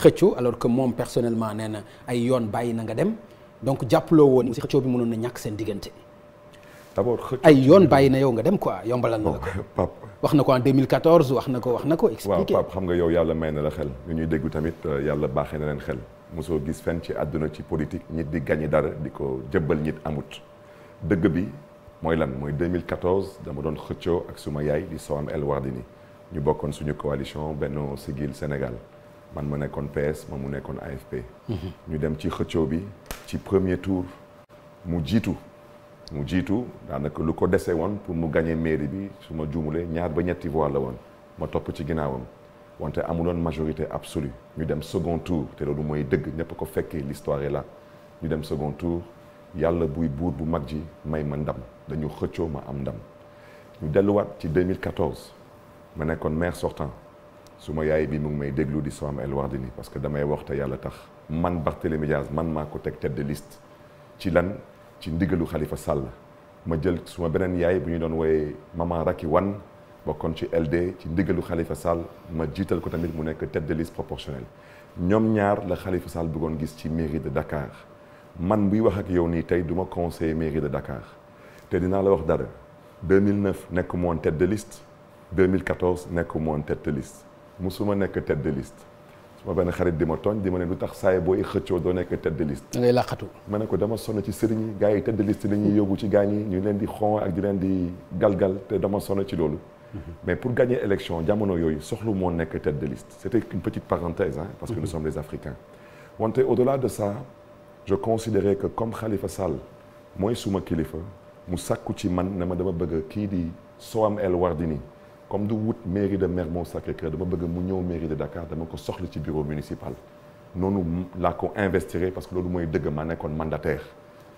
xëccoo alors que moom personnellement nee na ay yoon bàyyi na nga dem donc jàppaloo woon si xëccoo bi mënoon na ñàkk seen diggante. d'abord xëccoo ay yoon bàyyi na yow nga dem quoi yombalal na la ko. Pape wax na ko en 2014 wax na ko wax na ko. expliqué waaw Pape xam nga yow yàlla may na la xel ñu ñuy déglu tamit euh, yàlla baaxee na leen xel mosoo gis fenn ci àdduna ci politique ñit di gagné dara di ko jëbbal nit amut dëgg bi. mooy lan mooy 2014 dama doon xëccoo ak suma yaay di Soham El Wardini ñu bokkoon suñu coalition Benno Siggil Sénégal man ma nekkoon PS ma mu nekkoon AFP. Mhm. ñu dem ci xëccoo bi ci premier tour mu jiitu mu jiitu daanaka lu ko desee woon pour mu gagné mairie bi su ma juumulee ñaar ba ñetti voix la woon ma topp ci ginnaawam wante amuloon majorité absolue ñu dem second tour te loolu mooy dëgg ñëpp ko fekkee l'histoire est ñu dem second tour yàlla buy buur bu mag ji may ma ndam dañu xëccoo ma am ndam ñu delluwaat ci 2014 ma nekkoon maire sortant. suma yaay bi mu ngi may déglu di Soham El Wardini parce que damay wax te yàlla tax man Barthélémy Dias man maa ko teg tête de ci lan ci ndigalu xalifa Sall ma jël suma beneen yaay bu ñu doon wooyee maman Raki Wan bokkoon ci LD ci ndigalu xalifa Sall ma jiital ko tamit mu nekk tête de liste ñoom ñaar la xalifa Sall bëggoon gis ci mairie de Dakar man buy wax ak yow nii tey du ma conseiller mairie de Dakar te dinaa la wax dara 2009 nekk moon tête de liste 2014 nekk moon tête de mu musuma nekk tête de liste suma benn xarit di ma tooñ di ma ne lu tax saay booy xëccoo doo nekk tête de liste. da ngay laqatu. ne ko dama sonn ci sëriñ yi yi tête de liste la ñuy yóbbu ci gaañ yi ñu leen di xon ak di leen di galgal te dama sonn ci loolu. Mhm. mais pour gagner élection jamono yooyu soxlu moo nekk tête de liste c'était une petite parenthèse hein, parce que nous mhm. sommes des Africains. wante au-delà de ça je considérais que comme Khalifa Sall mooy suma kilifa mu sàkku ci man na ma dama bëgg kii di soo Soham El Wardini comme du wut mairie de Mermoz Sacré-Cœur dama bëgg mu ñëw mairie de Dakar dama ko soxla ci bureau municipal noonu laa ko investir parce que loolu mooy dëgg maa nekkoon mandataire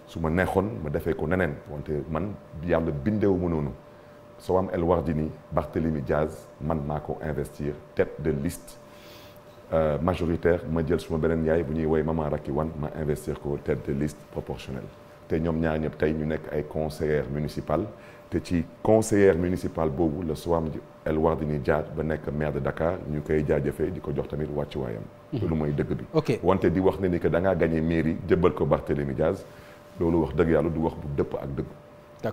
su ma neexoon ma defee ko neneen wante man yàlla bindeewu ma noonu soo am El Wardini Barthélémy Diaz man maa ko investir tête de liste euh, majoritaire ma jël su ma beneen yaay bu ñuy woy Maman Racky wan ma investir ko tête de liste proportionnelle te ñoom ñaar ñëpp tey ñu nekk ay conseillers municipal te ci conseillère municipale boobu la Soham El Wardini Dia ba nekk maire de Dakar ñu koy jaajafee di ko jox tamit wàccuwaayam. Mhm. lu mooy dëgg bi. ok wante di wax ne ni que da ngaa gagné mairie jëbbal ko Barthélémy Diaz loolu wax dëgg yàlla du wax bu dëpp ak dëgg.